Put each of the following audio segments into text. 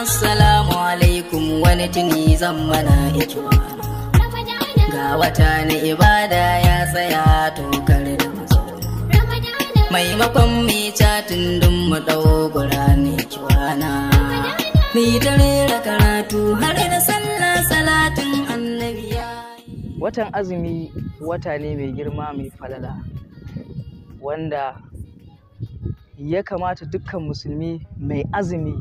assalamu alaikum wani tuni zan mana iki ga wata na ibada ya tsaya tokar da mazo maimakon mai catin don mu ɗaukura ne kiwana mai dare da karatu har da sallah salatin annabiya watan azumi wata ne mai girma mai falala wanda ya kamata dukkan musulmi mai azumi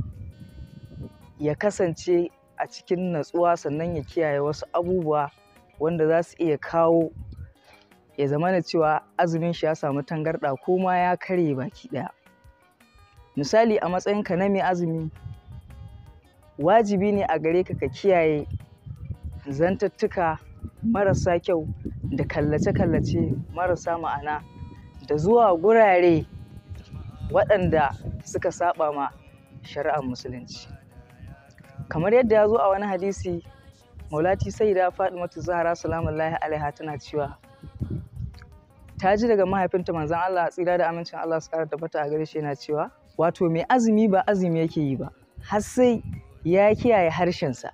ya kasance a cikin natsuwa sannan ya kiyaye wasu abubuwa wanda za su iya kawo ya zama na cewa azumin shi ya samu tangarɗa ko ma ya karye baki ɗaya misali a matsayinka na mai azumi wajibi ne a gare ka ka kiyaye zantattuka marasa kyau da kallace-kallace marasa ma'ana da zuwa gurare waɗanda suka saba ma shari'ar musulunci kamar yadda ya zo a wani hadisi maulati sai da faɗi mata zahra salamullahi alaiha tana cewa ta ji daga mahaifinta manzon Allah tsira da amincin Allah su kara tabbata a gare shi yana cewa wato mai azumi ba azumi yake yi ba har sai ya kiyaye harshensa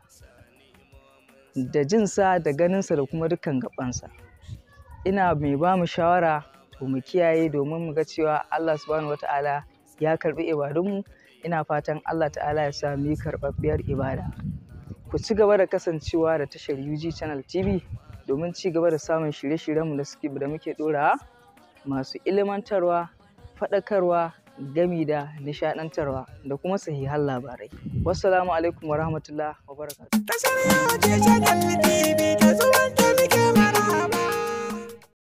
da jinsa da ganinsa da kuma dukkan gabansa ina mai ba mu shawara to mu kiyaye domin mu ga cewa Allah subhanahu wataala ya karɓi ibadunmu ina fatan Allah ta'ala ya sami karɓaɓɓiyar ibada ku ci gaba da kasancewa da tashar UG Channel TV domin ci gaba da samun shirye-shiryenmu da suke da muke ɗorawa masu ilimantarwa faɗakarwa gami da nishaɗantarwa da kuma sahihan labarai. Wassalamu alaikum wa rahmatullah wa barakatuh.